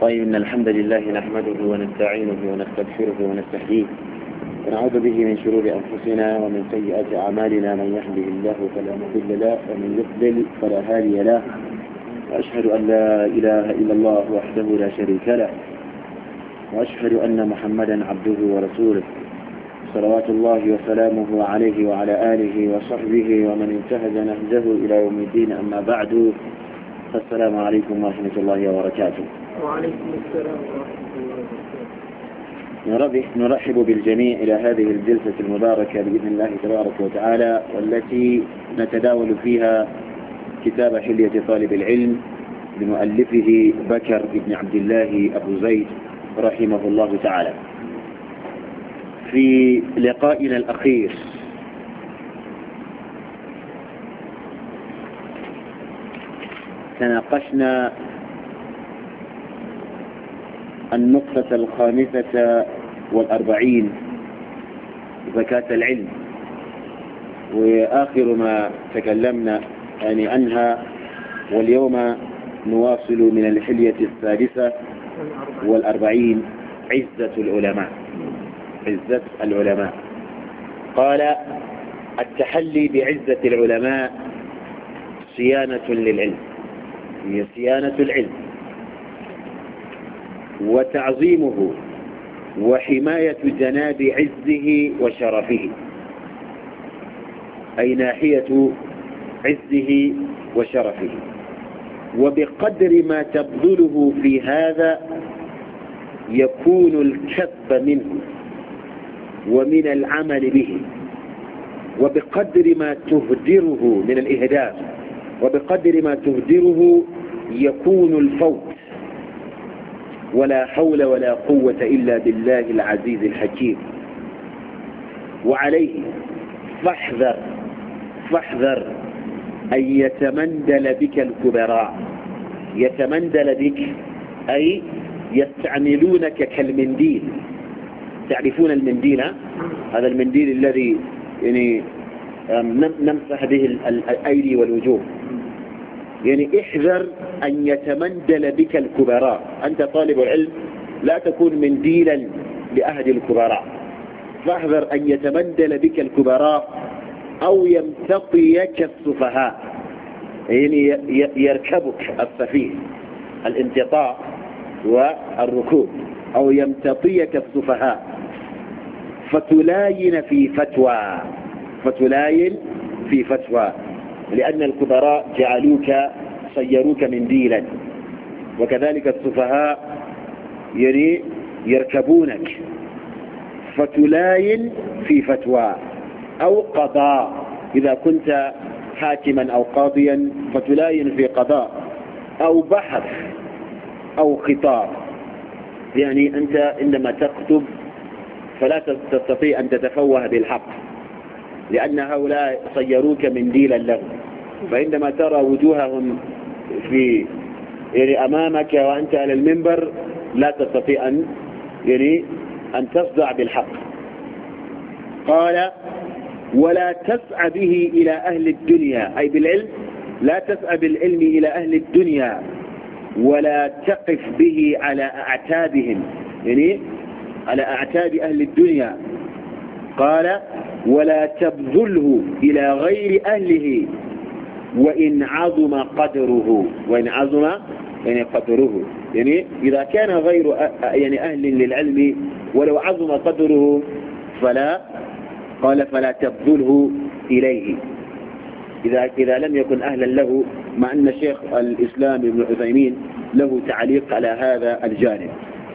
طيب إن الحمد لله نحمده ونستعينه ونستغفره ونستهديه ونعوذ به من شرور أنفسنا ومن سيئات أعمالنا من يهده الله فلا مضل له ومن يضلل فلا هادي له وأشهد أن لا إله إلا الله وحده لا شريك له وأشهد أن محمدا عبده ورسوله صلوات الله وسلامه عليه وعلى آله وصحبه ومن انتهز نهجه إلى يوم الدين أما بعد فالسلام عليكم ورحمة الله وبركاته وعليكم السلام ورحمة الله وبركاته نرحب بالجميع إلى هذه الجلسة المباركة بإذن الله تبارك وتعالى والتي نتداول فيها كتاب حلية طالب العلم لمؤلفه بكر بن عبد الله أبو زيد رحمه الله تعالى في لقائنا الأخير تناقشنا النقطة الخامسة والأربعين زكاة العلم وآخر ما تكلمنا يعني عنها واليوم نواصل من الحلية السادسة والأربعين عزة العلماء عزة العلماء قال التحلي بعزة العلماء صيانة للعلم هي صيانة العلم وتعظيمه وحماية جناب عزه وشرفه أي ناحية عزه وشرفه وبقدر ما تبذله في هذا يكون الكف منه ومن العمل به وبقدر ما تهدره من الإهدار وبقدر ما تهدره يكون الفوق ولا حول ولا قوة إلا بالله العزيز الحكيم وعليه فاحذر فاحذر أن يتمندل بك الكبراء يتمندل بك أي يستعملونك كالمنديل تعرفون المنديل هذا المنديل الذي يعني آه، نمسح به الأيدي والوجوه يعني احذر أن يتمندل بك الكبراء أنت طالب العلم لا تكون منديلا لأهل الكبراء فاحذر أن يتمندل بك الكبراء أو يمتقيك السفهاء يعني يركبك السفيه الانتطاء والركوب أو يمتطيك السفهاء فتلاين في فتوى فتلاين في فتوى لأن الكبراء جعلوك صيروك منديلا وكذلك السفهاء يري يركبونك فتلاين في فتوى أو قضاء إذا كنت حاكما أو قاضيا فتلاين في قضاء أو بحث أو خطاب يعني أنت عندما تكتب فلا تستطيع أن تتفوه بالحق لأن هؤلاء صيروك منديلا لهم فعندما ترى وجوههم في يعني أمامك وأنت على المنبر لا تستطيع أن يعني أن تصدع بالحق قال ولا تسعى به إلى أهل الدنيا أي بالعلم لا تسعى بالعلم إلى أهل الدنيا ولا تقف به على أعتابهم يعني على أعتاب أهل الدنيا قال ولا تبذله إلى غير أهله وإن عظم قدره وإن عظم يعني قدره يعني إذا كان غير يعني أهل للعلم ولو عظم قدره فلا قال فلا تبذله إليه إذا, إذا لم يكن أهلا له مع أن شيخ الإسلام ابن عثيمين له تعليق على هذا الجانب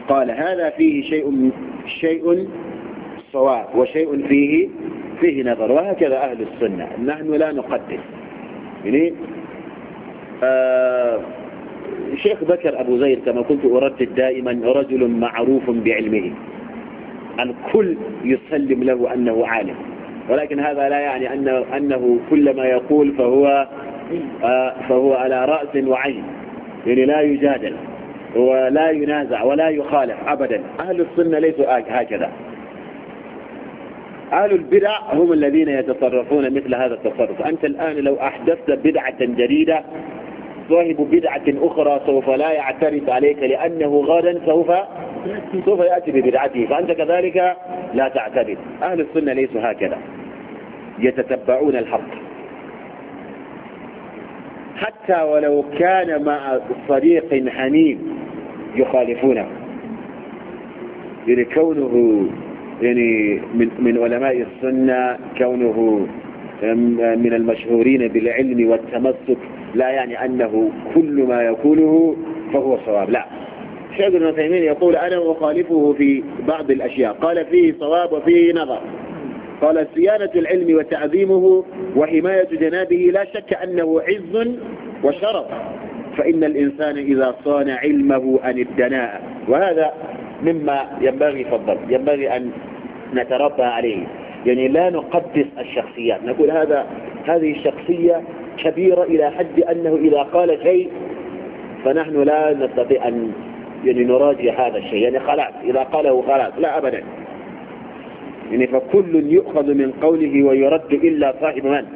قال هذا فيه شيء شيء صواب وشيء فيه فيه نظر وهكذا أهل السنة نحن لا نقدس يعني آه شيخ بكر أبو زيد كما كنت أردد دائما رجل معروف بعلمه الكل يسلم له أنه عالم ولكن هذا لا يعني أنه, أنه كل ما يقول فهو آه فهو على رأس وعين يعني لا يجادل ولا ينازع ولا يخالف أبدا أهل السنة ليسوا هكذا أهل البدع هم الذين يتصرفون مثل هذا التصرف أنت الآن لو أحدثت بدعة جديدة صاحب بدعة أخرى سوف لا يعترف عليك لأنه غدا سوف سوف يأتي ببدعته فأنت كذلك لا تعترف أهل السنة ليسوا هكذا يتتبعون الحق حتى ولو كان مع صديق حنين يخالفونه لكونه يعني من, من علماء السنة كونه من المشهورين بالعلم والتمسك لا يعني أنه كل ما يقوله فهو صواب لا شيخ ابن تيمية يقول أنا أخالفه في بعض الأشياء قال فيه صواب وفيه نظر قال صيانة العلم وتعظيمه وحماية جنابه لا شك أنه عز وشرف فإن الإنسان إذا صان علمه أن الدناء وهذا مما ينبغي فضل ينبغي أن نتربى عليه يعني لا نقدس الشخصيات نقول هذا هذه الشخصية كبيرة إلى حد أنه إذا قال شيء فنحن لا نستطيع أن يعني نراجع هذا الشيء يعني خلاص إذا قاله خلاص لا أبدا يعني فكل يؤخذ من قوله ويرد إلا صاحب من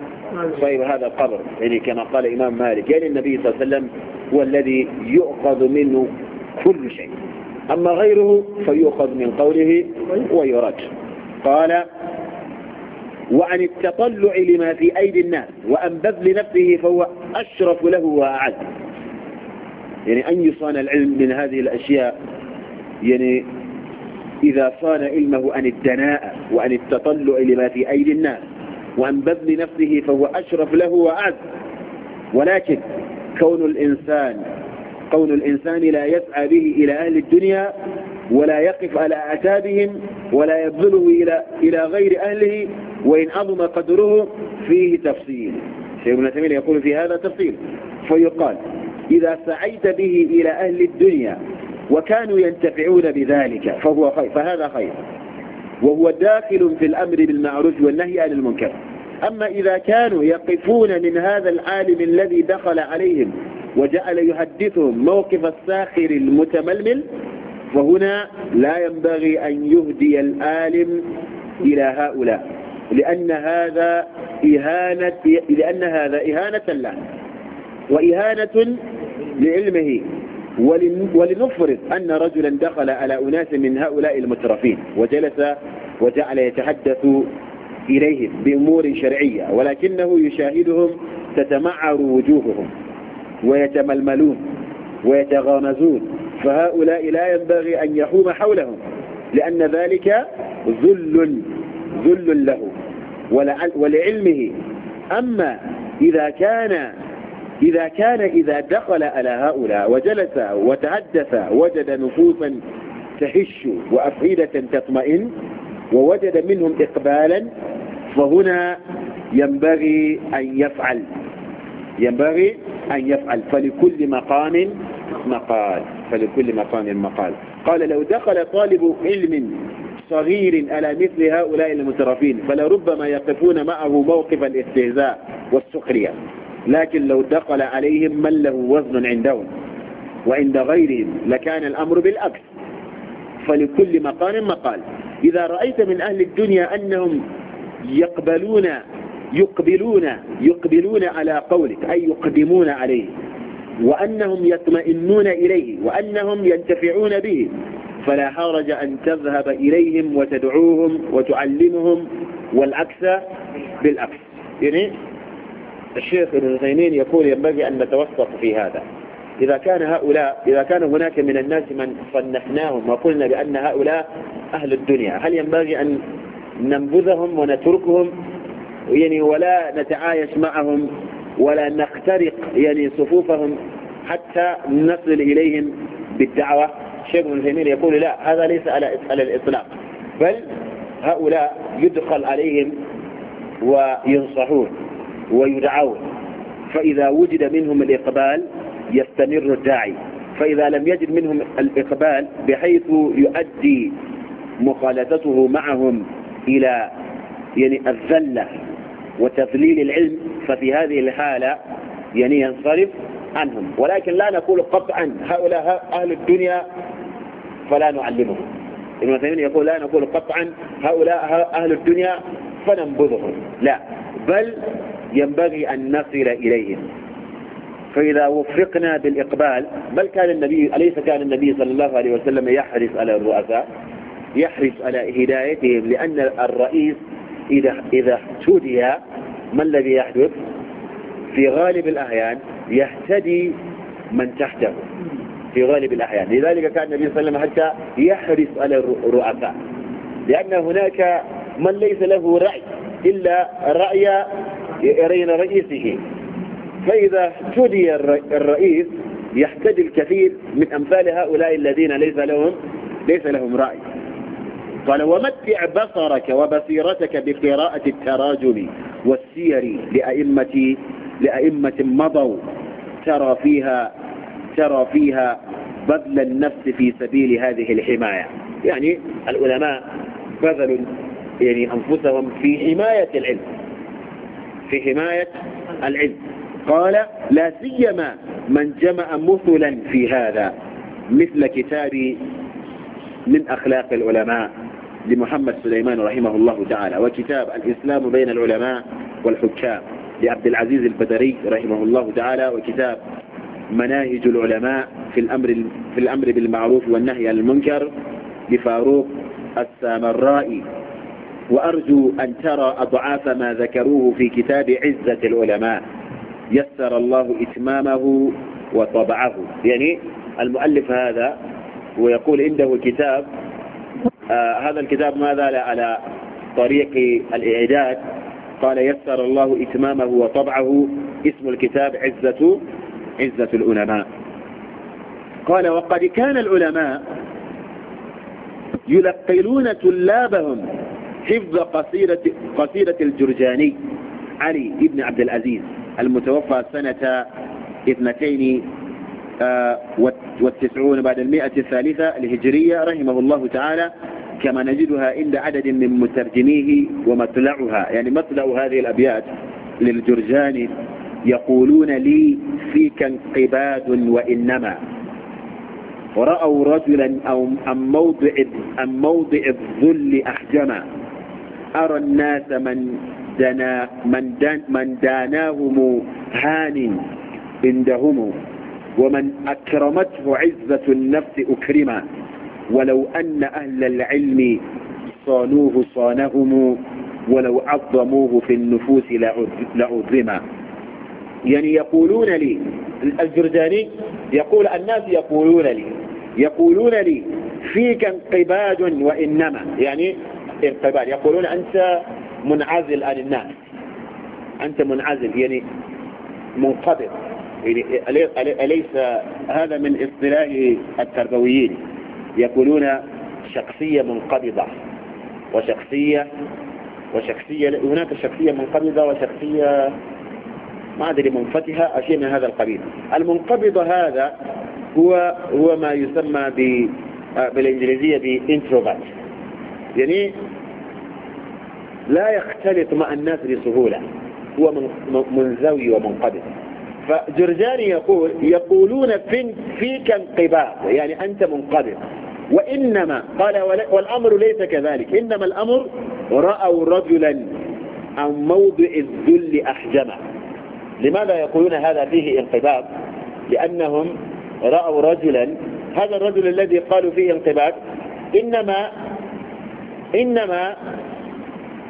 صاحب هذا القبر يعني كما قال إمام مالك يعني النبي صلى الله عليه وسلم هو الذي يؤخذ منه كل شيء أما غيره فيؤخذ من قوله ويرد قال وعن التطلع لما في أيدي الناس وأن بذل نفسه فهو أشرف له وأعد يعني أن يصان العلم من هذه الأشياء يعني إذا صان علمه عن الدناءة وعن التطلع لما في أيدي الناس وعن بذل نفسه فهو أشرف له وأعد ولكن كون الإنسان كون الإنسان لا يسعى به إلى أهل الدنيا ولا يقف على أعتابهم ولا يبذله إلى, إلى غير أهله وإن عظم قدره فيه تفصيل شيخ ابن تيمية يقول في هذا تفصيل فيقال إذا سعيت به إلى أهل الدنيا وكانوا ينتفعون بذلك فهو خير فهذا خير وهو داخل في الأمر بالمعروف والنهي عن المنكر أما إذا كانوا يقفون من هذا العالم الذي دخل عليهم وجعل يحدثهم موقف الساخر المتململ وهنا لا ينبغي أن يهدي الآلم إلى هؤلاء لأن هذا إهانة لأن هذا إهانة له وإهانة لعلمه ولنفرض أن رجلا دخل على أناس من هؤلاء المترفين وجلس وجعل يتحدث إليهم بأمور شرعية ولكنه يشاهدهم تتمعر وجوههم ويتململون ويتغامزون فهؤلاء لا ينبغي أن يحوم حولهم لأن ذلك ذل ذل له ولعلمه أما إذا كان إذا كان إذا دخل على هؤلاء وجلس وتحدث وجد نفوسا تهش وأفئدة تطمئن ووجد منهم إقبالا فهنا ينبغي أن يفعل ينبغي أن يفعل فلكل مقام مقال فلكل مقام مقال قال لو دخل طالب علم صغير على مثل هؤلاء المترفين فلربما يقفون معه موقف الاستهزاء والسخرية لكن لو دخل عليهم من له وزن عندهم وعند غيرهم لكان الأمر بالعكس فلكل مقام مقال إذا رأيت من أهل الدنيا أنهم يقبلون يقبلون يقبلون على قولك أي يقدمون عليه وأنهم يطمئنون إليه وأنهم ينتفعون به فلا حرج أن تذهب إليهم وتدعوهم وتعلمهم والعكس بالعكس يعني الشيخ ابن تيمين يقول ينبغي أن نتوسط في هذا إذا كان هؤلاء إذا كان هناك من الناس من صنفناهم وقلنا بأن هؤلاء أهل الدنيا هل ينبغي أن ننبذهم ونتركهم يعني ولا نتعايش معهم ولا نخترق يعني صفوفهم حتى نصل إليهم بالدعوة شيخ ابن تيمية يقول لا هذا ليس على الإطلاق بل هؤلاء يدخل عليهم وينصحون ويدعون فإذا وجد منهم الإقبال يستمر الداعي فإذا لم يجد منهم الإقبال بحيث يؤدي مخالطته معهم إلى يعني الذلة وتضليل العلم ففي هذه الحالة يعني ينصرف عنهم ولكن لا نقول قطعا هؤلاء أهل الدنيا فلا نعلمهم ابن تيمية يقول لا نقول قطعا هؤلاء أهل الدنيا فننبذهم لا بل ينبغي أن نصل إليهم فإذا وفقنا بالإقبال بل كان النبي أليس كان النبي صلى الله عليه وسلم يحرص على الرؤساء يحرص على هدايتهم لأن الرئيس إذا, إذا احتدي ما الذي يحدث في غالب الأحيان يهتدي من تحته في غالب الأحيان لذلك كان النبي صلى الله عليه وسلم حتى يحرص على الرؤساء لأن هناك من ليس له رأي إلا رأي رين رئيسه فإذا احتدي الرئيس يحتدي الكثير من أمثال هؤلاء الذين ليس لهم ليس لهم رأي قال ومتع بصرك وبصيرتك بقراءة التراجم والسير لأئمة, لأئمة مضوا ترى فيها ترى فيها بذل النفس في سبيل هذه الحماية يعني العلماء بذلوا يعني أنفسهم في حماية العلم في حماية العلم قال لا سيما من جمع مثلا في هذا مثل كتاب من أخلاق العلماء لمحمد سليمان رحمه الله تعالى وكتاب الإسلام بين العلماء والحكام لعبد العزيز البدري رحمه الله تعالى وكتاب مناهج العلماء في الأمر, في الأمر بالمعروف والنهي عن المنكر لفاروق السامرائي وأرجو أن ترى أضعاف ما ذكروه في كتاب عزة العلماء يسر الله إتمامه وطبعه يعني المؤلف هذا ويقول عنده كتاب آه، هذا الكتاب ما زال على طريق الإعداد قال يسر الله إتمامه وطبعه اسم الكتاب عزة عزة العلماء قال وقد كان العلماء يلقلون طلابهم حفظ قصيدة, قصيدة الجرجاني علي بن عبد العزيز المتوفى سنة اثنتين والتسعون بعد المئة الثالثة الهجرية رحمه الله تعالى كما نجدها عند عدد من مترجميه ومطلعها يعني مطلع هذه الأبيات للجرجاني يقولون لي فيك انقباد وإنما ورأوا رجلا أو أم موضع, أم موضع الذل أحجما أرى الناس من دنا من, دان من داناهم هان عندهم ومن أكرمته عزة النفس أكرما ولو أن أهل العلم صانوه صانهم ولو عظموه في النفوس لعظما يعني يقولون لي الجرداني يقول الناس يقولون لي يقولون لي فيك انقباد وإنما يعني انقباد يقولون أنت منعزل عن الناس أنت منعزل يعني منقبض يعني أليس هذا من اصطلاح التربويين يقولون شخصية منقبضة وشخصية وشخصية هناك شخصية منقبضة وشخصية ما أدري منفتحة أو شيء من هذا القبيل المنقبض هذا هو هو ما يسمى ب بالإنجليزية بإنتروبات يعني لا يختلط مع الناس بسهولة هو منزوي ومنقبض فجرجاني يقول يقولون فيك انقباض يعني أنت منقبض وإنما قال والأمر ليس كذلك إنما الأمر رأوا رجلا عن موضع الذل احجم لماذا يقولون هذا فيه انقباض لأنهم رأوا رجلا هذا الرجل الذي قالوا فيه انقباض إنما إنما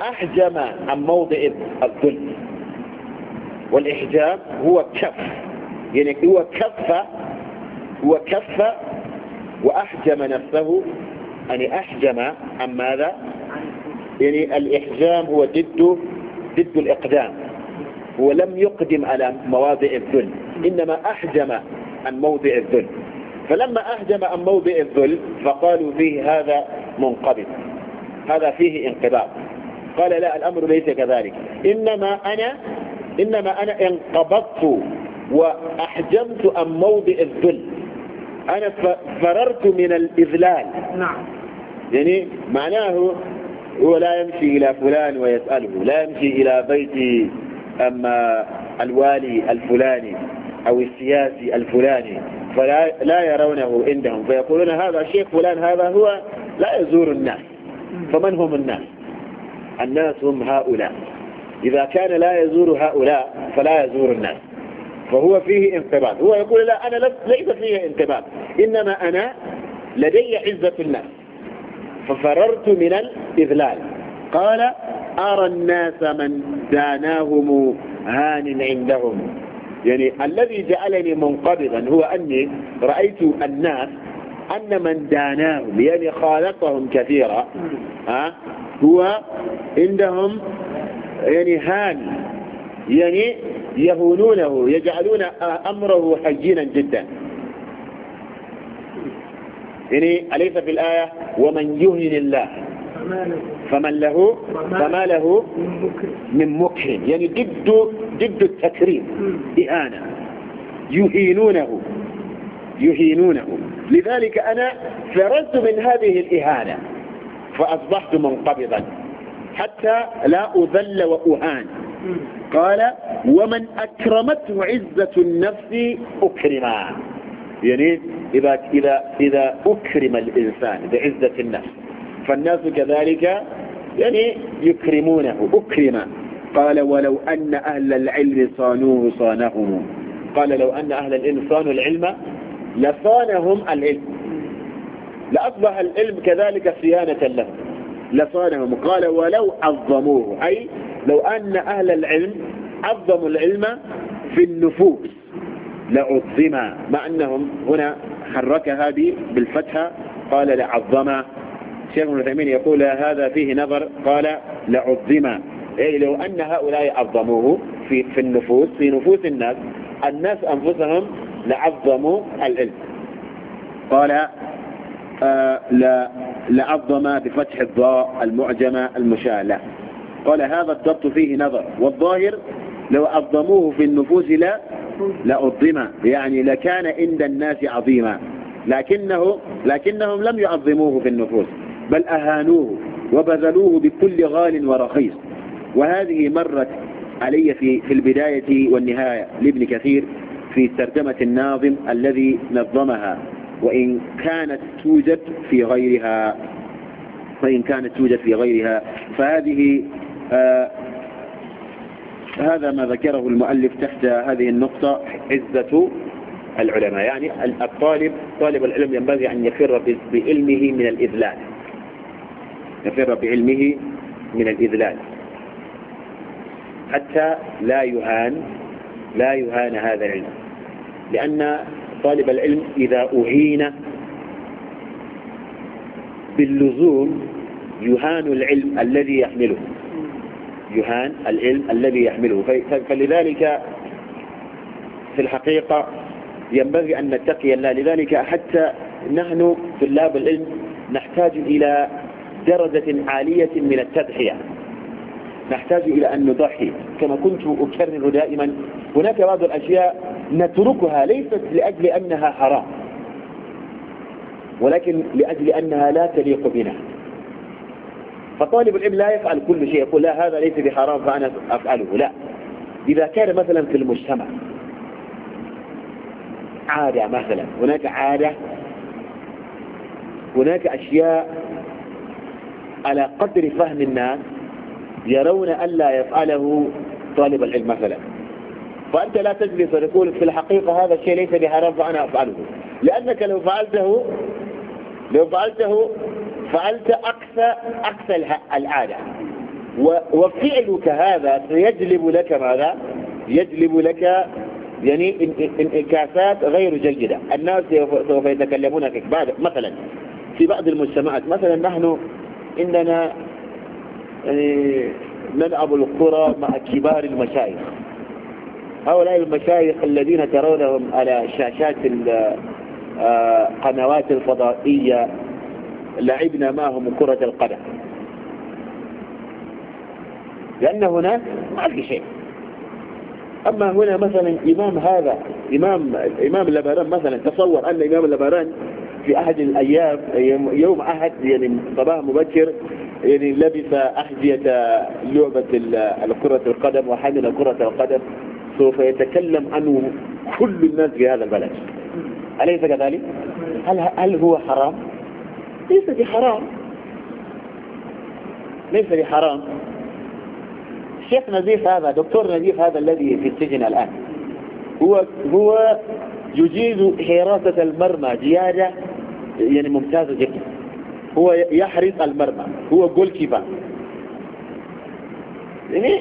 أحجم عن موضع الذل والإحجاب هو كف يعني هو كف هو كف وأحجم نفسه يعني أحجم عن ماذا يعني الإحجام هو ضد ضد الإقدام هو لم يقدم على مواضع الذل إنما أحجم عن موضع الذل فلما أحجم عن موضع الذل فقالوا فيه هذا منقبض هذا فيه انقباض قال لا الأمر ليس كذلك إنما أنا إنما أنا انقبضت وأحجمت عن موضع الذل أنا فررت من الإذلال نعم يعني معناه هو لا يمشي إلى فلان ويسأله لا يمشي إلى بيت أما الوالي الفلاني أو السياسي الفلاني فلا لا يرونه عندهم فيقولون هذا الشيخ فلان هذا هو لا يزور الناس فمن هم الناس الناس هم هؤلاء إذا كان لا يزور هؤلاء فلا يزور الناس فهو فيه انقباض هو يقول لا أنا ليس فيه انقباض إنما أنا لدي عزة الناس ففررت من الإذلال قال أرى الناس من داناهم هان عندهم يعني الذي جعلني منقبضا هو أني رأيت الناس أن من داناهم يعني خالطهم كثيرا ها هو عندهم يعني هان يعني يهونونه يجعلون أمره حجينا جدا يعني أليس في الآية ومن يهن الله فمن له فما له من مكرم يعني ضد ضد التكريم إهانة يهينونه يهينونه لذلك أنا فرزت من هذه الإهانة فأصبحت منقبضا حتى لا أذل وأهان قال ومن أكرمته عزة النفس أكرما يعني إذا, إذا, إذا أكرم الإنسان بعزة النفس فالناس كذلك يعني يكرمونه أكرما قال ولو أن أهل العلم صانوه صانهم قال لو أن أهل العلم صانوا العلم لصانهم العلم لأصبح العلم كذلك صيانة لهم لصانهم قال ولو عظموه أي لو أن أهل العلم عظموا العلم في النفوس لعظم مع أنهم هنا حركها بالفتحة قال لعظم شيخ العثيمين يقول هذا فيه نظر قال لعظم أي لو أن هؤلاء عظموه في, في النفوس في نفوس الناس الناس أنفسهم لعظموا العلم قال آه، لعظم بفتح الضاء المعجمة المشالة قال هذا الضبط فيه نظر والظاهر لو عظموه في النفوس لا لأظم يعني لكان عند الناس عظيما لكنه لكنهم لم يعظموه في النفوس بل أهانوه وبذلوه بكل غال ورخيص وهذه مرت علي في, في البداية والنهاية لابن كثير في ترجمة الناظم الذي نظمها وإن كانت توجد في غيرها وإن كانت توجد في غيرها فهذه آه هذا ما ذكره المؤلف تحت هذه النقطة عزة العلماء يعني الطالب طالب العلم ينبغي أن يفر بعلمه من الإذلال يفر بعلمه من الإذلال حتى لا يهان لا يهان هذا العلم لأن طالب العلم إذا أهين باللزوم يهان العلم الذي يحمله يهان العلم الذي يحمله فلذلك في الحقيقة ينبغي أن نتقي الله لذلك حتى نحن طلاب العلم نحتاج إلى درجة عالية من التضحية نحتاج إلى أن نضحي كما كنت أكرر دائما هناك بعض الأشياء نتركها ليست لأجل أنها حرام ولكن لأجل أنها لا تليق بنا فطالب العلم لا يفعل كل شيء يقول لا هذا ليس بحرام فأنا أفعله لا إذا كان مثلا في المجتمع عادة مثلا هناك عادة هناك أشياء على قدر فهم الناس يرون ألا يفعله طالب العلم مثلا فأنت لا تجلس وتقول في الحقيقة هذا الشيء ليس بحرام فأنا أفعله لأنك لو فعلته لو فعلته فعلت أقصى أقصى العادة وفعلك هذا سيجلب لك ماذا؟ يجلب لك يعني انعكاسات غير جيدة الناس سوف يتكلمون بعد مثلا في بعض المجتمعات مثلا نحن عندنا يعني نلعب الكرة مع كبار المشايخ هؤلاء المشايخ الذين ترونهم على شاشات القنوات آه، الفضائية لعبنا معهم كرة القدم لأن هناك ما في شيء أما هنا مثلا إمام هذا إمام إمام لبران مثلا تصور أن إمام لبران في أحد الأيام يوم أحد يعني صباح مبكر يعني لبس أحذية لعبة كرة القدم وحمل كرة القدم سوف يتكلم عنه كل الناس في هذا البلد أليس كذلك؟ هل, هل هو حرام؟ ليس بحرام ليس بحرام الشيخ نزيف هذا دكتور نزيف هذا الذي في السجن الآن هو هو يجيز حراسة المرمى زيادة يعني ممتازة جدا هو يحرز المرمى هو جول كيبر يعني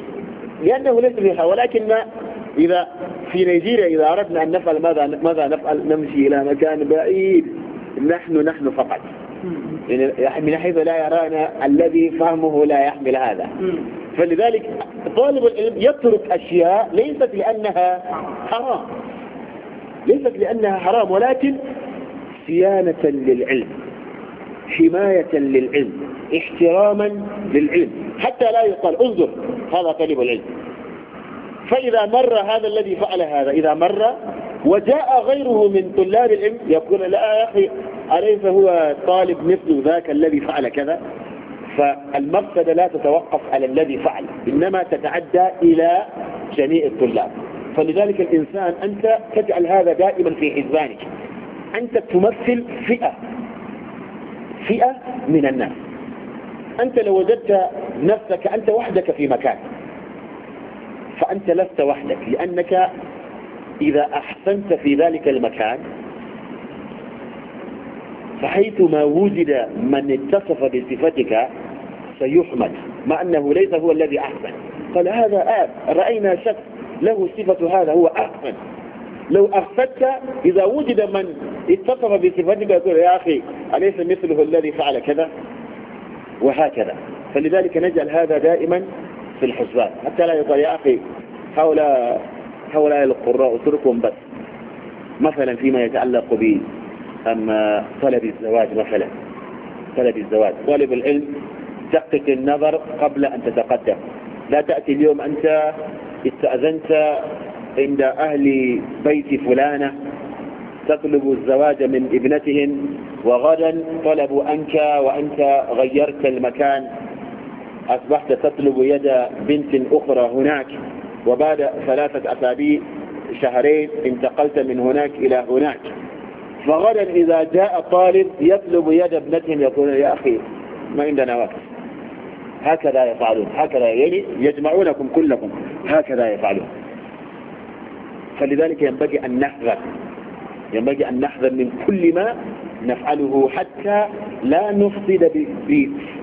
لأنه ليس فيها ولكن إذا في نيجيريا إذا أردنا أن نفعل ماذا ماذا نفعل نمشي إلى مكان بعيد نحن نحن فقط يعني من حيث لا يرانا الذي فهمه لا يحمل هذا فلذلك طالب العلم يترك أشياء ليست لأنها حرام ليست لأنها حرام ولكن صيانة للعلم حماية للعلم احتراما للعلم حتى لا يقال انظر هذا طالب العلم فإذا مر هذا الذي فعل هذا إذا مر وجاء غيره من طلاب العلم يقول لا يا أخي أليس هو طالب مثل ذاك الذي فعل كذا فالمفسدة لا تتوقف على الذي فعل إنما تتعدى إلى جميع الطلاب فلذلك الإنسان أنت تجعل هذا دائما في حزبانك أنت تمثل فئة فئة من الناس أنت لو وجدت نفسك أنت وحدك في مكان فأنت لست وحدك لأنك إذا أحسنت في ذلك المكان فحيثما وجد من اتصف بصفتك سيحمد مع أنه ليس هو الذي أحسن قال هذا آب رأينا شخص له صفة هذا هو أحسن لو أخفدت إذا وجد من اتصف بصفتك يقول يا أخي أليس مثله الذي فعل كذا وهكذا فلذلك نجعل هذا دائما في الحسبان حتى لا يقول يا أخي هؤلاء هؤلاء القراء اتركهم بس مثلا فيما يتعلق ب أما طلب الزواج مثلا طلب الزواج طالب العلم دقق النظر قبل أن تتقدم لا تأتي اليوم أنت استأذنت عند أهل بيت فلانة تطلب الزواج من ابنتهم وغدا طلبوا أنك وأنت غيرت المكان أصبحت تطلب يد بنت أخرى هناك وبعد ثلاثة أسابيع شهرين انتقلت من هناك إلى هناك فغدا إذا جاء طالب يطلب يد ابنتهم يقول يا أخي ما عندنا وقت هكذا يفعلون هكذا يعني يجمعونكم كلكم هكذا يفعلون فلذلك ينبغي أن نحذر ينبغي أن نحذر من كل ما نفعله حتى لا نفسد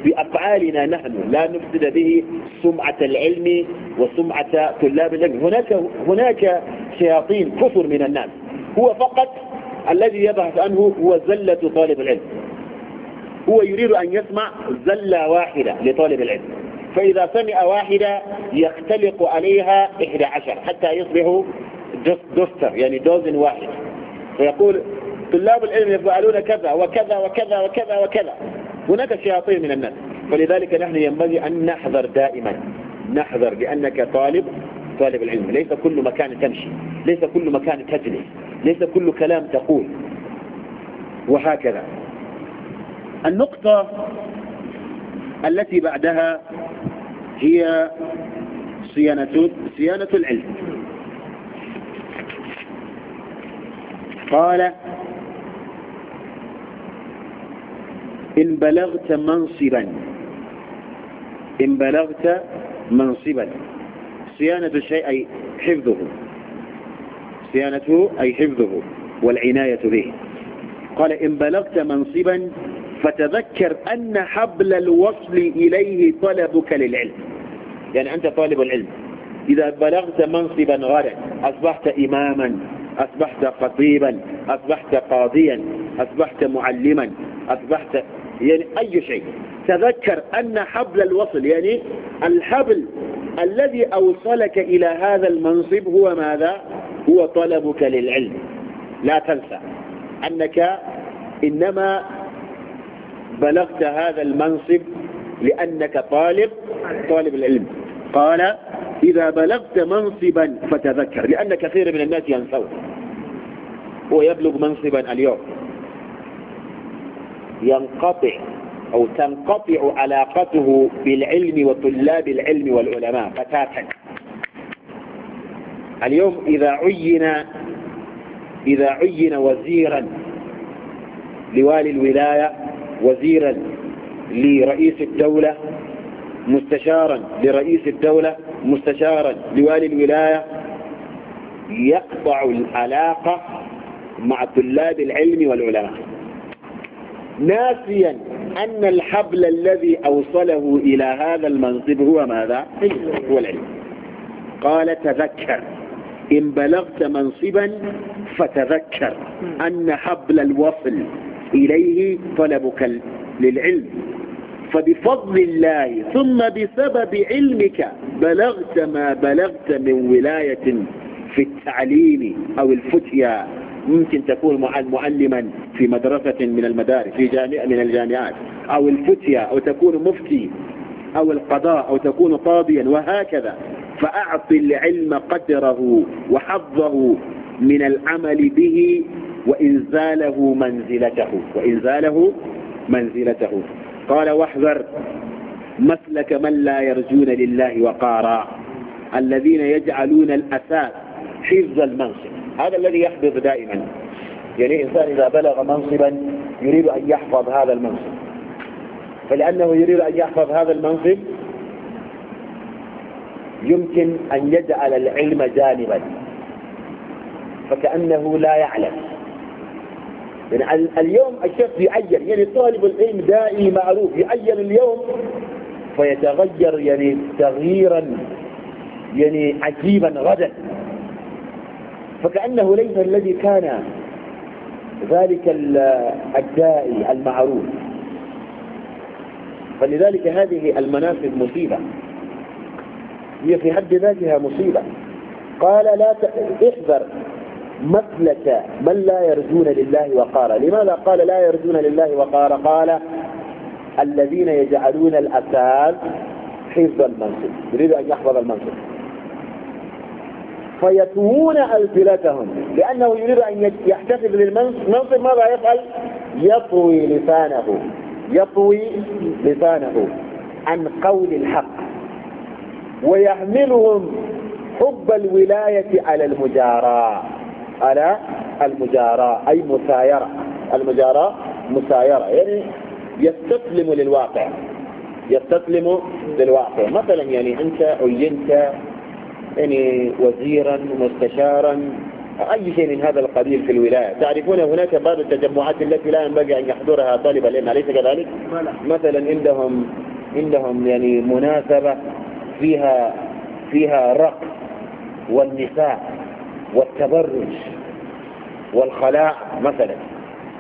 بأفعالنا نحن لا نفسد به سمعة العلم وسمعة طلاب العلم هناك, هناك شياطين كثر من الناس هو فقط الذي يبحث عنه هو زلة طالب العلم هو يريد أن يسمع زلة واحدة لطالب العلم فإذا سمع واحدة يختلق عليها 11 حتى يصبح دوستر يعني دوز واحد فيقول طلاب العلم يفعلون كذا وكذا وكذا وكذا وكذا هناك شياطين من الناس فلذلك نحن ينبغي أن نحذر دائما نحذر لأنك طالب طالب العلم ليس كل مكان تمشي ليس كل مكان تجلس ليس كل كلام تقول وهكذا النقطة التي بعدها هي صيانة, صيانة العلم قال إن بلغت منصبا إن بلغت منصبا صيانة الشيء أي حفظه صيانته أي حفظه والعناية به قال إن بلغت منصبا فتذكر أن حبل الوصل إليه طلبك للعلم يعني أنت طالب العلم إذا بلغت منصبا غدا أصبحت إماما أصبحت خطيبا أصبحت قاضيا أصبحت معلما أصبحت يعني أي شيء تذكر أن حبل الوصل يعني الحبل الذي أوصلك إلى هذا المنصب هو ماذا هو طلبك للعلم لا تنسى أنك إنما بلغت هذا المنصب لأنك طالب طالب العلم قال إذا بلغت منصبا فتذكر لأن كثير من الناس ينسون هو يبلغ منصبا اليوم ينقطع أو تنقطع علاقته بالعلم وطلاب العلم والعلماء فتاتا اليوم إذا عين إذا عين وزيرا لوالي الولاية وزيرا لرئيس الدولة مستشارا لرئيس الدولة مستشارا لوالي الولاية يقطع العلاقة مع طلاب العلم والعلماء ناسيا أن الحبل الذي أوصله إلى هذا المنصب هو ماذا؟ هو العلم قال تذكر إن بلغت منصبا فتذكر أن حبل الوصل إليه طلبك للعلم فبفضل الله ثم بسبب علمك بلغت ما بلغت من ولاية في التعليم أو الفتية ممكن تكون معلما في مدرسة من المدارس في جامعة من الجامعات أو الفتية أو تكون مفتي أو القضاء أو تكون قاضيا وهكذا فأعط العلم قدره وحظه من العمل به وإنزاله منزلته وإنزاله منزلته قال واحذر مسلك من لا يرجون لله وقارا الذين يجعلون الأساس حفظ المنصب هذا الذي يحفظ دائما يعني إنسان إذا بلغ منصبا يريد أن يحفظ هذا المنصب فلأنه يريد أن يحفظ هذا المنصب يمكن أن يجعل العلم جانبا فكأنه لا يعلم يعني اليوم الشخص يعين يعني طالب العلم دائي معروف يعين اليوم فيتغير يعني تغييرا يعني عجيبا غدا فكأنه ليس الذي كان ذلك الداعي المعروف فلذلك هذه المنافذ مصيبة هي في حد ذاتها مصيبة قال لا ت... احذر مسلك من لا يرجون لله وقارا لماذا قال لا يرجون لله وقارا قال الذين يجعلون الأساس حفظ المنصب يريد أن يحفظ المنصب فيتوون ألسنتهم لأنه يريد أن يحتفظ للمنصب ماذا يفعل؟ يطوي لسانه يطوي لسانه عن قول الحق ويحملهم حب الولاية على المجاراة على المجاراة أي مسايرة المجاراة مسايرة يعني يستسلم للواقع يستسلم للواقع مثلا يعني أنت عينت يعني وزيرا مستشارا أي شيء من هذا القبيل في الولاية تعرفون هناك بعض التجمعات التي لا ينبغي أن يحضرها طالب العلم أليس كذلك؟ مثلا عندهم عندهم يعني مناسبة فيها فيها الرقص والنساء والتبرج والخلاء مثلا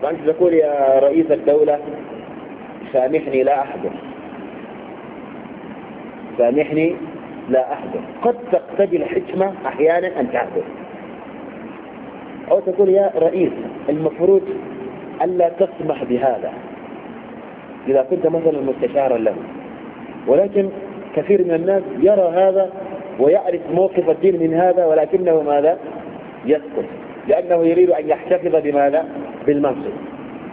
فأنت تقول يا رئيس الدولة سامحني لا أحضر سامحني لا أحضر قد تقتضي الحكمة أحيانا أن تحضر أو تقول يا رئيس المفروض ألا تسمح بهذا إذا كنت مثلا مستشارا له ولكن كثير من الناس يرى هذا ويعرف موقف الدين من هذا ولكنه ماذا يسكت لأنه يريد أن يحتفظ بماذا؟ بالمنصب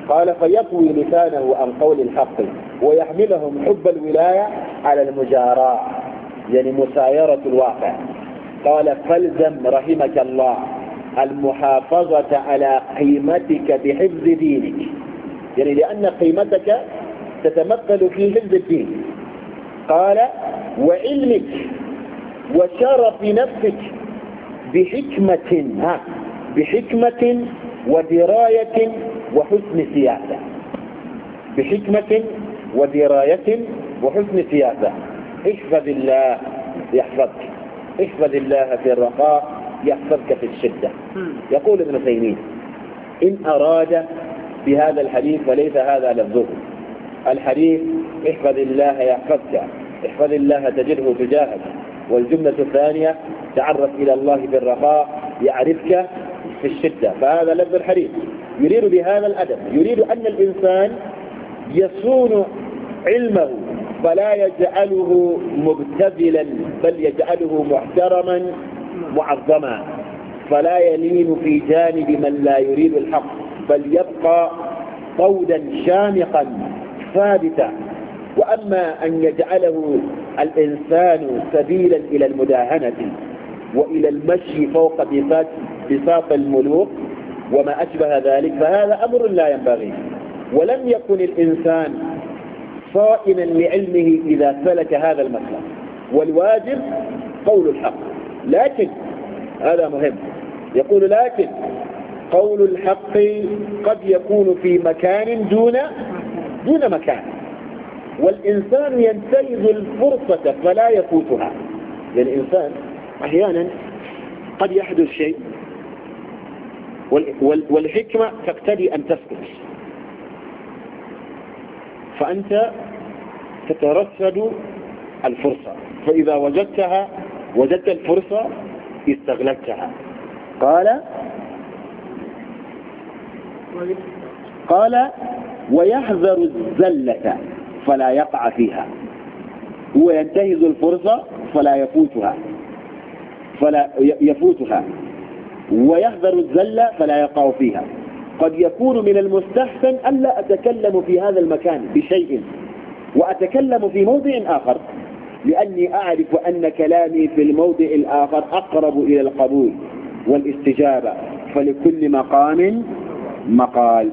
قال فيطوي لسانه عن قول الحق ويحملهم حب الولاية على المجاراة يعني مسايرة الواقع قال فالزم رحمك الله المحافظة على قيمتك بحفظ دينك يعني لأن قيمتك تتمثل في حفظ الدين قال وعلمك وشرف نفسك بحكمة ها بحكمة ودراية وحسن سياسة بحكمة ودراية وحسن سياسة احفظ الله يحفظك احفظ الله في الرخاء يحفظك في الشدة يقول ابن تيمية إن أراد بهذا الحديث وليس هذا لفظه الحديث احفظ الله يحفظك احفظ الله تجده تجاهك والجملة الثانية تعرف إلى الله بالرخاء يعرفك في الشدة فهذا لفظ الحريق يريد بهذا الأدب يريد أن الإنسان يصون علمه فلا يجعله مبتذلا بل يجعله محترما معظما فلا يلين في جانب من لا يريد الحق بل يبقى طودا شامقا ثابتا وأما أن يجعله الإنسان سبيلا إلى المداهنة وإلى المشي فوق بساط الملوك وما أشبه ذلك فهذا أمر لا ينبغي ولم يكن الإنسان صائما لعلمه إذا سلك هذا المسلك والواجب قول الحق لكن هذا مهم يقول لكن قول الحق قد يكون في مكان دون دون مكان والإنسان ينتهز الفرصة فلا يفوتها للإنسان يعني أحيانا قد يحدث شيء والحكمة تقتدي أن تسكت فأنت تترصد الفرصة فإذا وجدتها وجدت الفرصة استغلبتها قال قال ويحذر الزلة فلا يقع فيها وينتهز الفرصة فلا يفوتها فلا يفوتها ويحذر الزلة فلا يقع فيها قد يكون من المستحسن ألا أتكلم في هذا المكان بشيء وأتكلم في موضع آخر لأني أعرف أن كلامي في الموضع الآخر أقرب إلى القبول والاستجابة فلكل مقام مقال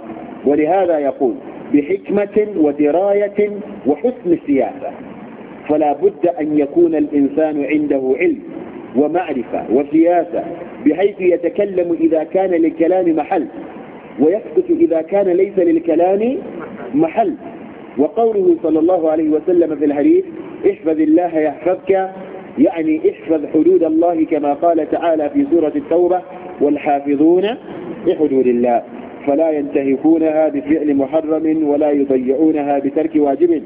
ولهذا يقول بحكمة ودراية وحسن سياسة فلا بد أن يكون الإنسان عنده علم ومعرفة وسياسة بحيث يتكلم إذا كان للكلام محل ويسكت إذا كان ليس للكلام محل وقوله صلى الله عليه وسلم في الحديث احفظ الله يحفظك يعني احفظ حدود الله كما قال تعالى في سورة التوبة والحافظون لحدود الله فلا ينتهكونها بفعل محرم ولا يضيعونها بترك واجب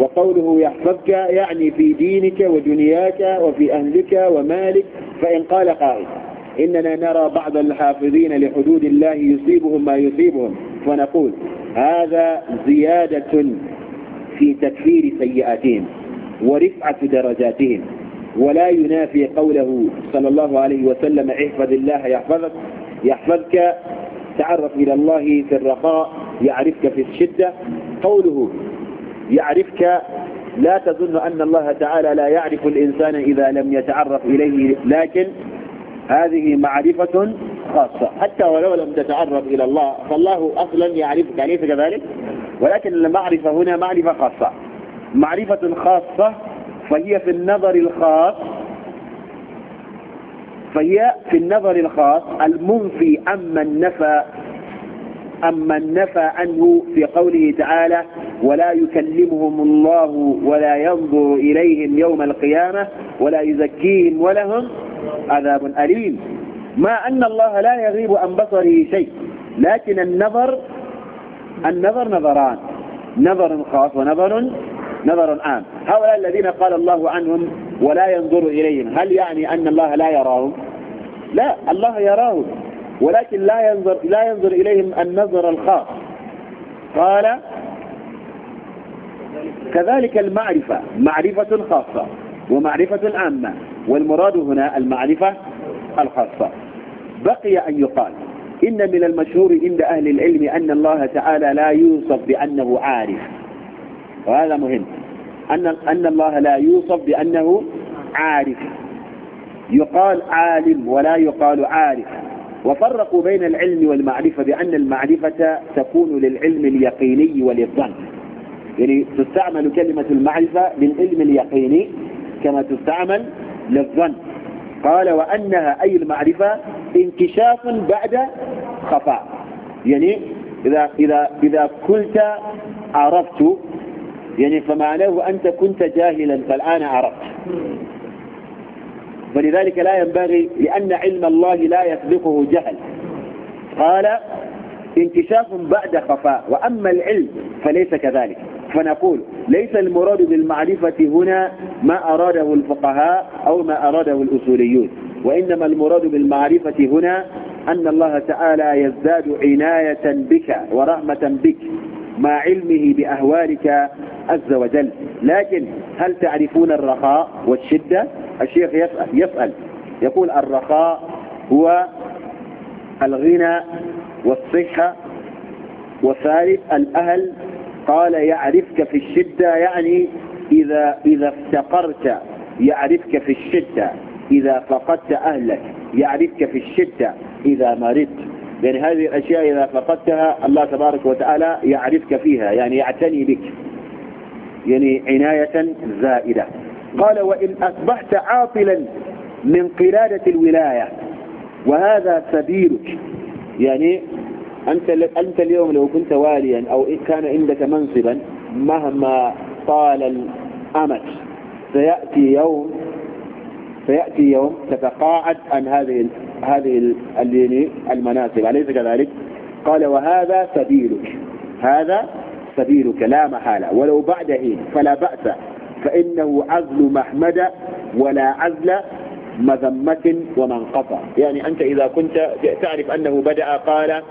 وقوله يحفظك يعني في دينك ودنياك وفي أهلك ومالك فإن قال قائل إننا نرى بعض الحافظين لحدود الله يصيبهم ما يصيبهم فنقول هذا زيادة في تكفير سيئاتهم ورفعة درجاتهم ولا ينافي قوله صلى الله عليه وسلم احفظ الله يحفظك يحفظك تعرف إلى الله في الرخاء يعرفك في الشدة قوله يعرفك لا تظن أن الله تعالى لا يعرف الإنسان إذا لم يتعرف إليه لكن هذه معرفة خاصة حتى ولو لم تتعرف إلى الله فالله أصلا يعرفك أليس كذلك ولكن المعرفة هنا معرفة خاصة معرفة خاصة فهي في النظر الخاص فهي في النظر الخاص المنفي عمن نفى أما النفى عنه في قوله تعالى ولا يكلمهم الله ولا ينظر إليهم يوم القيامة ولا يزكيهم ولهم عذاب أليم ما أن الله لا يغيب عن بصره شيء لكن النظر النظر نظران نظر خاص ونظر نظر عام هؤلاء الذين قال الله عنهم ولا ينظر إليهم هل يعني أن الله لا يراهم لا الله يراهم ولكن لا ينظر, لا ينظر إليهم النظر الخاص قال كذلك المعرفة معرفة خاصة ومعرفة عامة والمراد هنا المعرفة الخاصة بقي أن يقال إن من المشهور عند أهل العلم أن الله تعالى لا يوصف بأنه عارف وهذا مهم أن, أن الله لا يوصف بأنه عارف يقال عالم ولا يقال عارف وفرقوا بين العلم والمعرفة بأن المعرفة تكون للعلم اليقيني وللظن يعني تستعمل كلمة المعرفة للعلم اليقيني كما تستعمل للظن قال وأنها أي المعرفة انكشاف بعد خفاء يعني إذا, إذا, إذا كنت عرفت يعني فمعناه أنت كنت جاهلا فالآن عرفت ولذلك لا ينبغي لأن علم الله لا يسبقه جهل قال انكشاف بعد خفاء وأما العلم فليس كذلك فنقول ليس المراد بالمعرفة هنا ما أراده الفقهاء أو ما أراده الأصوليون وإنما المراد بالمعرفة هنا أن الله تعالى يزداد عناية بك ورحمة بك مع علمه بأهوالك عز وجل لكن هل تعرفون الرخاء والشدة الشيخ يسأل, يسأل يقول الرخاء هو الغنى والصحة وثالث الأهل قال يعرفك في الشدة يعني إذا, إذا افتقرت يعرفك في الشدة إذا فقدت أهلك يعرفك في الشدة إذا مرضت يعني هذه الأشياء إذا فقدتها الله تبارك وتعالى يعرفك فيها يعني يعتني بك يعني عناية زائدة قال وإن أصبحت عاطلا من قلادة الولاية وهذا سبيلك يعني أنت, أنت اليوم لو كنت واليا أو كان عندك منصبا مهما طال الأمد سيأتي يوم سيأتي يوم تتقاعد عن هذه هذه يعني المناسب أليس كذلك؟ قال وهذا سبيلك هذا سبيلك لا محالة ولو بعد حين فلا بأس فإنه عزل محمد ولا عزل مذمة ومنقصة يعني أنت إذا كنت تعرف أنه بدأ قال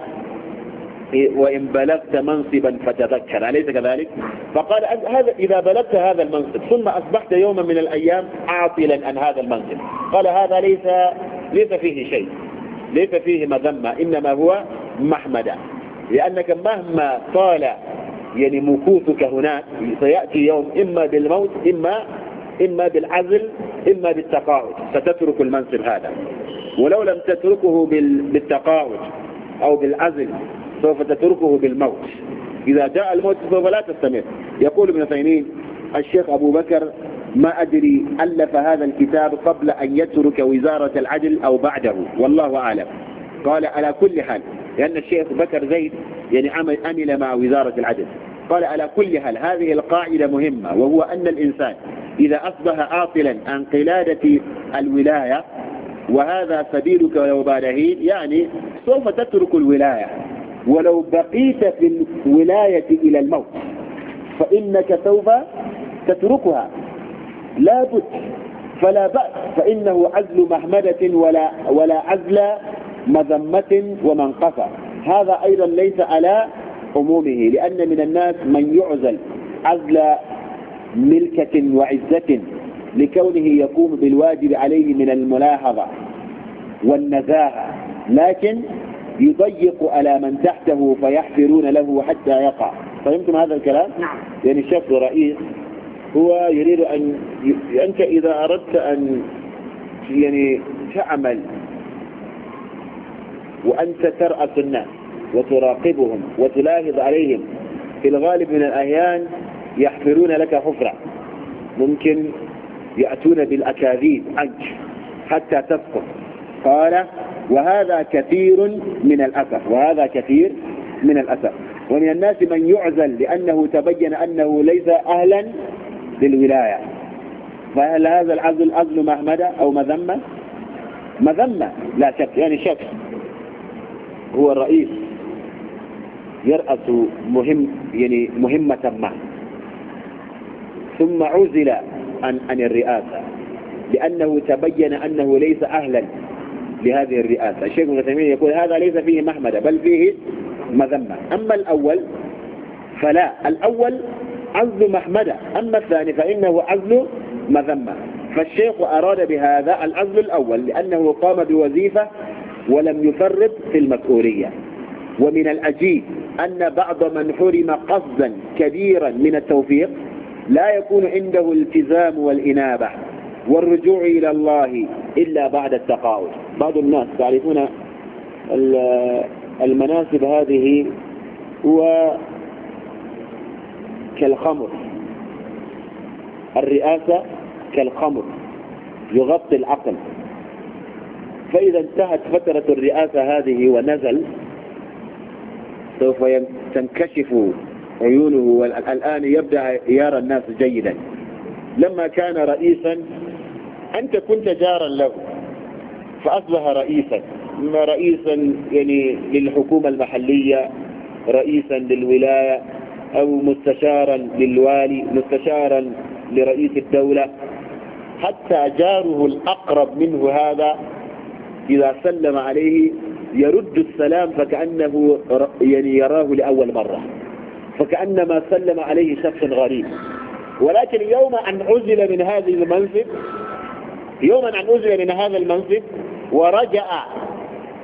وإن بلغت منصبا فتذكر أليس كذلك فقال هذا إذا بلغت هذا المنصب ثم أصبحت يوما من الأيام عاطلا عن هذا المنصب قال هذا ليس ليس فيه شيء ليس فيه مذمة إنما هو محمدا لأنك مهما طال يعني مكوثك هناك سيأتي يوم إما بالموت إما إما بالعزل إما بالتقاعد ستترك المنصب هذا ولو لم تتركه بالتقاعد أو بالعزل سوف تتركه بالموت إذا جاء الموت سوف لا تستمر يقول ابن تيمين الشيخ أبو بكر ما أدري ألف هذا الكتاب قبل أن يترك وزارة العدل أو بعده والله أعلم قال على كل حال لأن الشيخ بكر زيد يعني عمل مع وزارة العدل قال على كل حال هذه القاعدة مهمة وهو أن الإنسان إذا أصبح عاطلا عن قلادة الولاية وهذا سبيلك ولو بالهين يعني سوف تترك الولاية ولو بقيت في الولاية إلى الموت فإنك سوف تتركها لا بد فلا بأس فإنه عزل مهمدة ولا, ولا عزل مذمة ومنقفة هذا أيضا ليس على عمومه لأن من الناس من يعزل عزل ملكة وعزة لكونه يقوم بالواجب عليه من الملاحظة والنزاهة لكن يضيق على من تحته فيحفرون له حتى يقع فهمتم هذا الكلام؟ نعم يعني الشيخ الرئيس هو يريد أن أنت إذا أردت أن يعني تعمل وأنت ترأس الناس وتراقبهم وتلاحظ عليهم في الغالب من الأحيان يحفرون لك حفرة ممكن يأتون بالأكاذيب عنك حتى تسقط قال وهذا كثير من الأسف وهذا كثير من الأسف ومن الناس من يعزل لأنه تبين أنه ليس أهلا للولاية فهل هذا العزل عزل مهمدة أو مذمة مذمة لا شك يعني شك هو الرئيس يرأس مهم يعني مهمة ما ثم عزل عن, عن الرئاسة لأنه تبين أنه ليس أهلا لهذه الرئاسة الشيخ ابن تيمية يقول هذا ليس فيه محمدة بل فيه مذمة أما الأول فلا الأول عزل محمدة أما الثاني فإنه عزل مذمة فالشيخ أراد بهذا العزل الأول لأنه قام بوظيفة ولم يفرط في المسؤولية ومن الأجيب أن بعض من حرم قصدا كبيرا من التوفيق لا يكون عنده التزام والإنابة والرجوع إلى الله إلا بعد التقاعد بعض الناس تعرفون المناسب هذه هو كالخمر الرئاسة كالخمر يغطي العقل فإذا انتهت فترة الرئاسة هذه ونزل سوف تنكشف عيونه والآن يبدأ يرى الناس جيدا لما كان رئيسا أنت كنت جارا له فأصبح رئيسا إما رئيسا يعني للحكومة المحلية رئيسا للولاية أو مستشارا للوالي مستشارا لرئيس الدولة حتى جاره الأقرب منه هذا إذا سلم عليه يرد السلام فكأنه يعني يراه لأول مرة فكأنما سلم عليه شخص غريب ولكن يوم أن عزل من هذا المنصب يوما أن عزل من هذا المنصب ورجع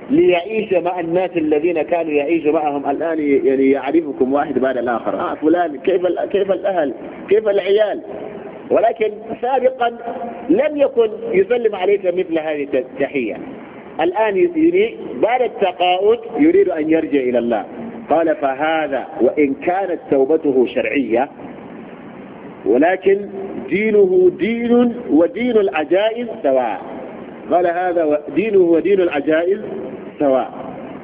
ليعيش مع الناس الذين كانوا يعيش معهم الآن يعني يعرفكم واحد بعد الآخر آه فلان كيف كيف الأهل كيف العيال ولكن سابقا لم يكن يسلم عليك مثل هذه التحية الآن يريد بعد التقاعد يريد أن يرجع إلى الله قال فهذا وإن كانت توبته شرعية ولكن دينه دين ودين العجائز سواء قال هذا دينه ودين العجائز سواء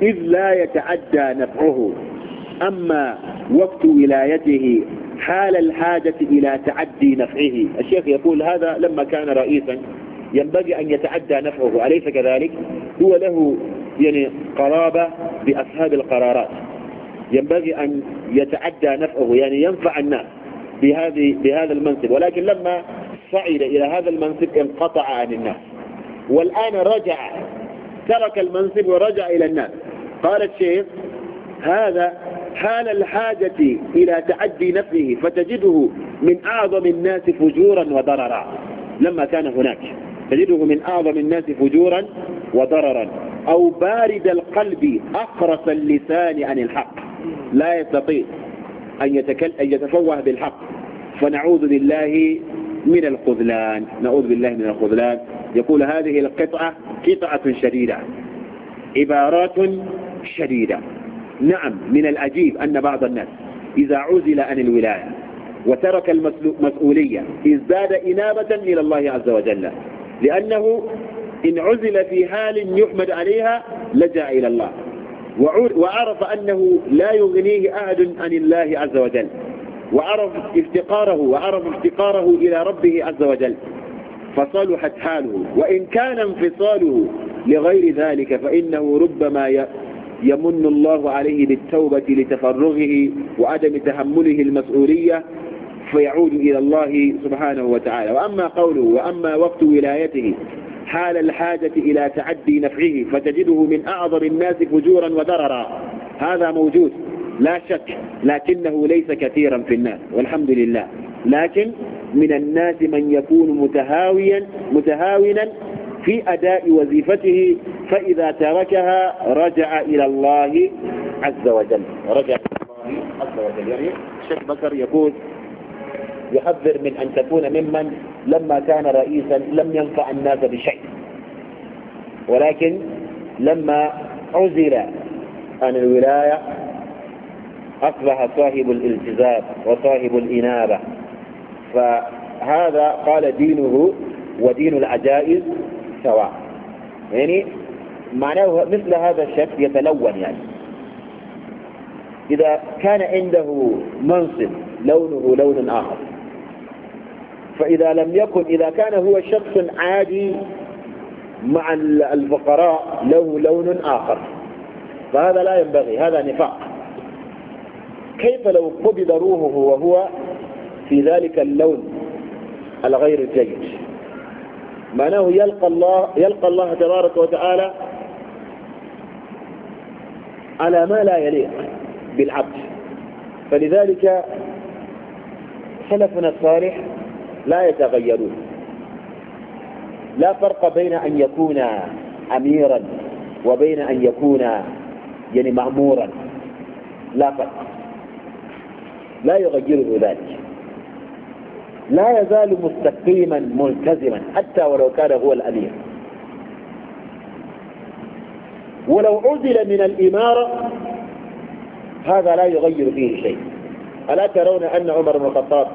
إذ لا يتعدى نفعه أما وقت ولايته حال الحاجة إلى تعدي نفعه الشيخ يقول هذا لما كان رئيسا ينبغي أن يتعدى نفعه أليس كذلك هو له يعني قرابة بأصحاب القرارات ينبغي أن يتعدى نفعه يعني ينفع الناس بهذه بهذا المنصب ولكن لما صعد إلى هذا المنصب انقطع عن الناس والآن رجع ترك المنصب ورجع إلى الناس قال الشيخ هذا حال الحاجة إلى تعدي نفعه فتجده من أعظم الناس فجورا وضررا لما كان هناك تجده من أعظم الناس فجورا وضررا أو بارد القلب أقرص اللسان عن الحق لا يستطيع أن, يتكل... أن يتفوه بالحق فنعوذ بالله من الخذلان نعوذ بالله من الخذلان يقول هذه القطعة قطعة شديدة عبارات شديدة نعم من الأجيب أن بعض الناس إذا عزل عن الولاية وترك المسؤولية ازداد إنابة إلى الله عز وجل لأنه إن عزل في حال يحمد عليها لجأ إلى الله وعرف أنه لا يغنيه أحد عن الله عز وجل وعرف افتقاره وعرف افتقاره إلى ربه عز وجل فصلحت حاله وإن كان انفصاله لغير ذلك فإنه ربما يمن الله عليه بالتوبة لتفرغه وعدم تحمله المسؤولية فيعود إلى الله سبحانه وتعالى وأما قوله وأما وقت ولايته حال الحاجة إلى تعدي نفعه فتجده من أعظم الناس فجورا وضررا هذا موجود لا شك لكنه ليس كثيرا في الناس والحمد لله لكن من الناس من يكون متهاويا متهاونا في أداء وظيفته فإذا تركها رجع إلى الله عز وجل رجع إلى الله عز وجل يعني الشيخ بكر يقول يحذر من أن تكون ممن لما كان رئيسا لم ينفع الناس بشيء ولكن لما عزل عن الولاية أصبح صاحب الالتزام وصاحب الإنابة فهذا قال دينه ودين العجائز سواء يعني معناه مثل هذا الشك يتلون يعني إذا كان عنده منصب لونه لون آخر فإذا لم يكن إذا كان هو شخص عادي مع الفقراء له لون آخر فهذا لا ينبغي هذا نفاق كيف لو قبض روحه وهو في ذلك اللون الغير الجيد معناه يلقى الله يلقى الله تبارك وتعالى على ما لا يليق بالعبد فلذلك سلفنا الصالح لا يتغيرون لا فرق بين أن يكون أميرا وبين أن يكون يعني مأمورا لا فرق لا يغيره ذلك لا يزال مستقيما ملتزما حتى ولو كان هو الأمير ولو عزل من الإمارة هذا لا يغير فيه شيء ألا ترون أن عمر بن الخطاب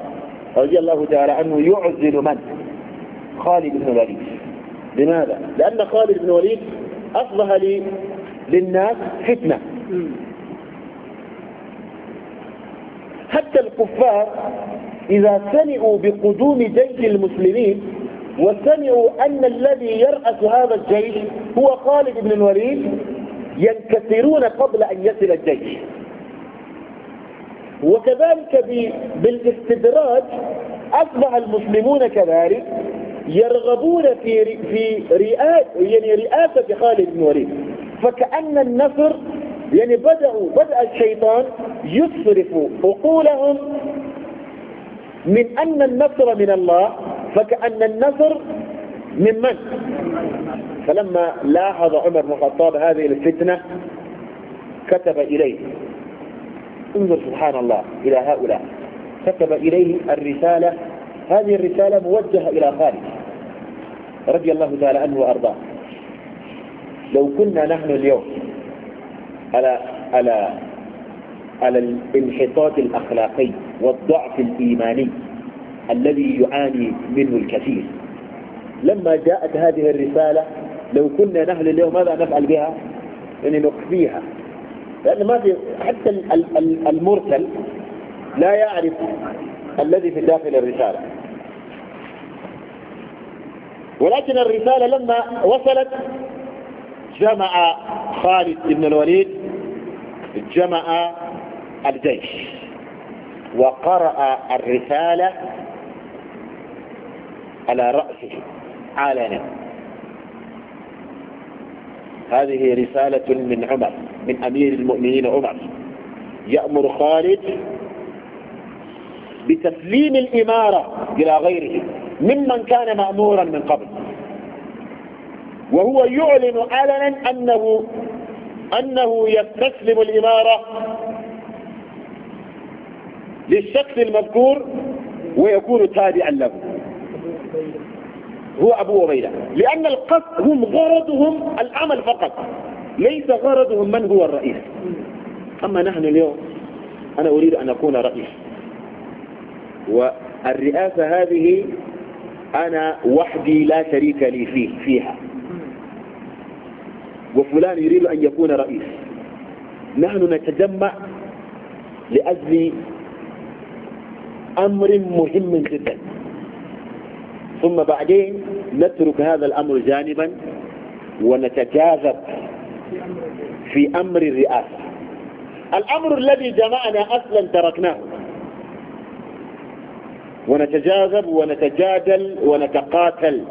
رضي الله تعالى عنه يعزل من؟ خالد بن الوليد لماذا؟ لأن خالد بن الوليد أصبح للناس فتنة حتى الكفار إذا سمعوا بقدوم جيش المسلمين وسمعوا أن الذي يرأس هذا الجيش هو خالد بن الوليد ينكسرون قبل أن يصل الجيش وكذلك بالاستدراج أصبح المسلمون كذلك يرغبون في في رئاسة يعني رئاسة خالد بن الوليد فكأن النصر يعني بدأوا بدأ الشيطان يصرف عقولهم من أن النصر من الله فكأن النصر من من؟ فلما لاحظ عمر بن الخطاب هذه الفتنة كتب إليه انظر سبحان الله إلى هؤلاء كتب إليه الرسالة هذه الرسالة موجهة إلى خالد رضي الله تعالى عنه وأرضاه لو كنا نحن اليوم على على على الانحطاط الأخلاقي والضعف الإيماني الذي يعاني منه الكثير لما جاءت هذه الرسالة لو كنا نحن اليوم ماذا نفعل بها؟ يعني نخفيها لأن ما في حتى المرسل لا يعرف الذي في داخل الرسالة ولكن الرسالة لما وصلت جمع خالد بن الوليد جمع الجيش وقرأ الرسالة على رأسه علنا هذه رسالة من عمر من أمير المؤمنين عمر يأمر خالد بتسليم الإمارة إلى غيره ممن كان مأمورا من قبل وهو يعلن علنا أنه أنه يستسلم الإمارة للشخص المذكور ويكون تابعا له هو أبو عبيدة لأن القصد هم غرضهم العمل فقط ليس غرضهم من هو الرئيس أما نحن اليوم أنا أريد أن أكون رئيس والرئاسة هذه أنا وحدي لا شريك لي فيه فيها وفلان يريد أن يكون رئيس نحن نتجمع لأجل أمر مهم جدا ثم بعدين نترك هذا الأمر جانبا ونتجاذب في أمر الرئاسة الأمر الذي جمعنا أصلا تركناه ونتجاذب ونتجادل ونتقاتل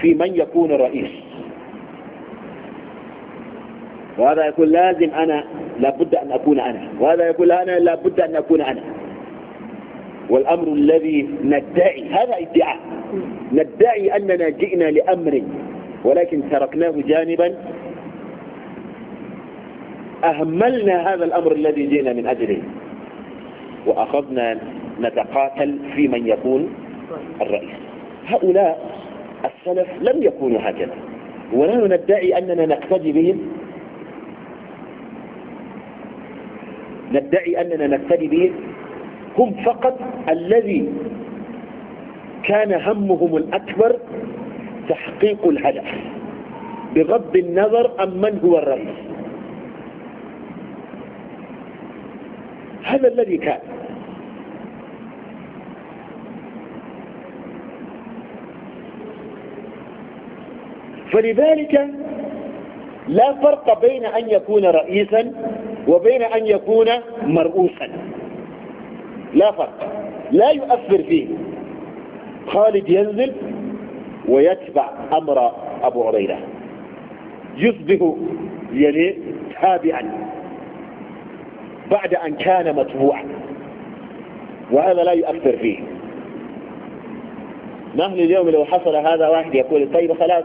في من يكون رئيس وهذا يقول لازم أنا لابد أن أكون أنا وهذا يقول أنا لابد أن أكون أنا والأمر الذي ندعي هذا ادعاء ندعي أننا جئنا لأمر ولكن تركناه جانبا أهملنا هذا الأمر الذي جئنا من أجله وأخذنا نتقاتل في من يكون الرئيس هؤلاء السلف لم يكونوا هكذا ونحن ندعي أننا نقتدي بهم ندعي أننا نقتدي بهم هم فقط الذي كان همهم الأكبر تحقيق الهدف بغض النظر عن من هو الرئيس هذا الذي كان فلذلك لا فرق بين أن يكون رئيسا وبين أن يكون مرؤوسا لا فرق لا يؤثر فيه خالد ينزل ويتبع أمر أبو عريرة يصبح يلي يعني تابعا بعد أن كان متبوعا وهذا لا يؤثر فيه نحن اليوم لو حصل هذا واحد يقول طيب خلاص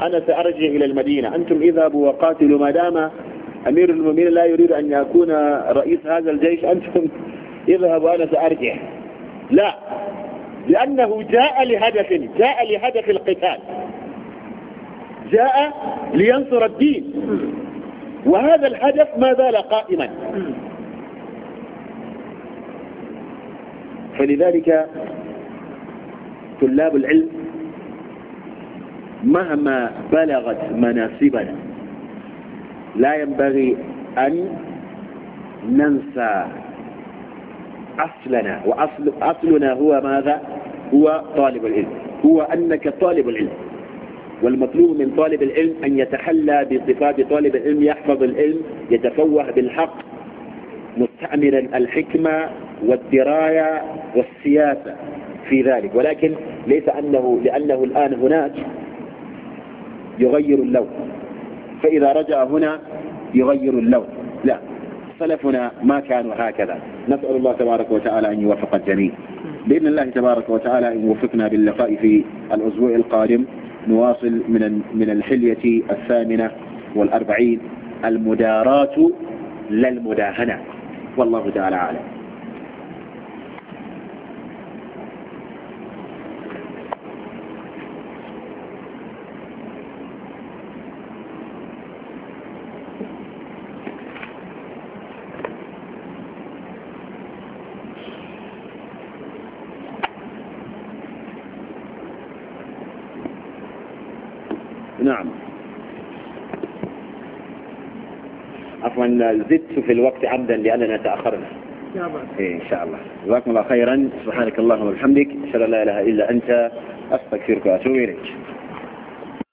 أنا سأرجع إلى المدينة أنتم اذهبوا وقاتلوا ما دام أمير المؤمنين لا يريد أن يكون رئيس هذا الجيش أنتم اذهبوا أنا سأرجع لا لأنه جاء لهدف جاء لهدف القتال جاء لينصر الدين وهذا الهدف ما زال قائما فلذلك طلاب العلم مهما بلغت مناسبنا لا ينبغي أن ننسى أصلنا وأصل أصلنا هو ماذا؟ هو طالب العلم هو أنك طالب العلم والمطلوب من طالب العلم أن يتحلى بصفات طالب العلم يحفظ العلم يتفوه بالحق مستعملا الحكمة والدراية والسياسة في ذلك ولكن ليس أنه لأنه الآن هناك يغير اللون فإذا رجع هنا يغير اللون لا سلفنا ما كانوا هكذا نسأل الله تبارك وتعالى أن يوفق الجميع بإذن الله تبارك وتعالى إن وفقنا باللقاء في الأسبوع القادم نواصل من من الحلية الثامنة والأربعين المدارات لا المداهنة والله تعالى أعلم أن زدت في الوقت عمدا لأننا تأخرنا إيه، إن شاء الله جزاكم الله خيرا سبحانك اللهم وبحمدك أشهد أن لا إله إلا أنت أستغفرك وأتوب إليك